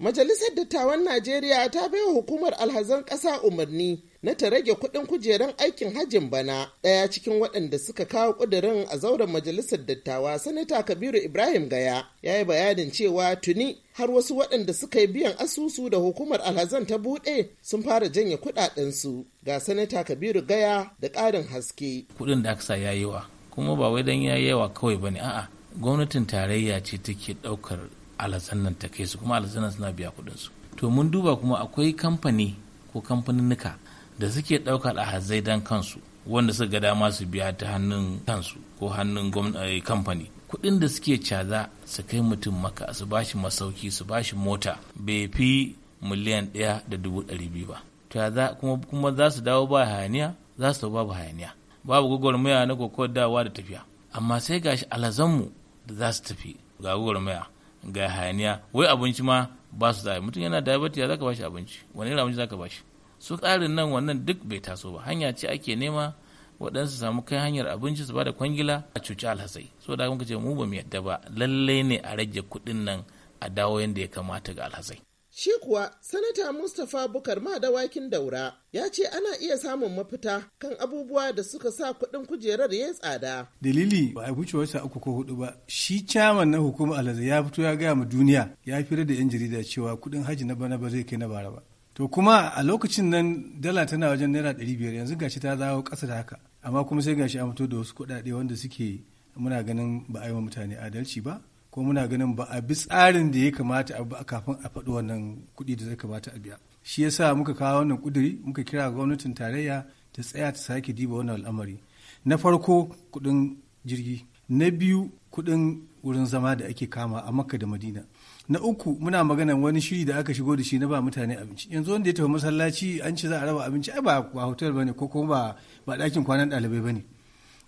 Majalisar Dattawan Najeriya ta baiwa hukumar alhazan ƙasa umarni na ta rage kuɗin kujeran aikin hajjin bana ɗaya cikin waɗanda suka kawo ƙudurin a zauren majalisar dattawa sanata kabiru ibrahim gaya ya yi bayanin cewa tuni har wasu waɗanda suka yi biyan asusu da hukumar alhazan ta buɗe sun fara janye kuɗaɗensu ga sanata kabiru gaya da ƙarin haske kuɗin da aka sa ya wa kuma ba wai dan ya wa kawai ba ne. a'a gwamnatin tarayya ce take ɗaukar alazannan ta kai su kuma alazannan suna biya kuɗin su to mun duba kuma akwai kamfani ko kamfaninnika da suke ɗaukar alhazai don kansu wanda suka ga dama su biya ta hannun kansu ko hannun eh, kamfani kuɗin da suke caza su kai mutum maka su bashi masauki su bashi mota bai fi miliyan ɗaya da dubu ɗari biyu ba caza kuma za su dawo ba hayaniya za su dawo babu hayaniya babu gwagwarmaya na dawa da tafiya amma sai gashi alazanmu da za su tafi ga gwagwarmaya ga haniya wai abinci ma ba su da mutum yana diabetes ya zaka bashi abinci wani irin abinci zaka bashi su tsarin nan wannan duk bai taso ba hanya ce ake nema waɗansu samu kai hanyar abinci su bada kwangila a cuci alhasai so da muka ce mu ba mu yadda ba lallai ne a rage kuɗin nan a dawo yadda ya kamata ga alhasai. Shi kuwa Sanata Mustapha Bukar Madawakin Daura ya ce ana iya samun mafita kan abubuwa da suka sa kuɗin kujerar ya tsada. Dalili ba a wuce wata uku ko hudu ba. Shi caman na hukumar alhazi ya fito ya gaya ma duniya ya fira da 'yan jarida cewa kuɗin haji na bana ba zai kai na bara ba. To kuma a lokacin nan dala tana wajen naira ɗari biyar yanzu gashi ta zawo ƙasa da haka. Amma kuma sai gashi a fito da wasu kuɗaɗe wanda suke muna ganin ba a yi wa mutane adalci ba. ko muna ganin ba a bi tsarin da ya kamata a ba kafin a faɗi wannan kuɗi da zai kamata a biya shi yasa muka kawo wannan ƙuduri muka kira gwamnatin tarayya ta tsaya ta sake diba wannan al'amari na farko kuɗin jirgi na biyu kuɗin wurin zama da ake kama a makka da madina na uku muna magana wani shiri da aka shigo da shi na ba mutane abinci yanzu wanda ya tafi masallaci an ce za a raba abinci ai ba ba hotel bane ko kuma ba ba ɗakin kwanan ɗalibai bane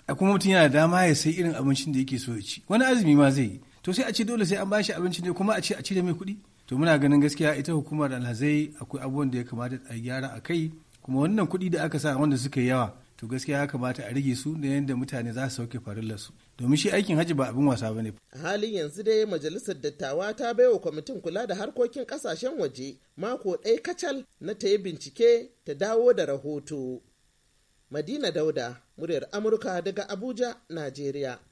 a kuma mutum yana da dama ya sai irin abincin da yake so ya ci wani azumi ma zai yi to sai a ce dole sai an shi abinci ne kuma a ce a da mai kuɗi to muna ganin gaskiya ita hukumar alhazai akwai abubuwan da ya kamata a gyara a kai kuma wannan kuɗi da aka sa wanda suka yi yawa to gaskiya ya kamata a rage su da yadda mutane za su sauke su domin shi aikin hajji ba abin wasa bane halin yanzu dai majalisar dattawa ta baiwa kwamitin kula da harkokin kasashen waje mako ɗaya kacal na ta yi bincike ta dawo da rahoto madina dauda muryar amurka daga abuja najeriya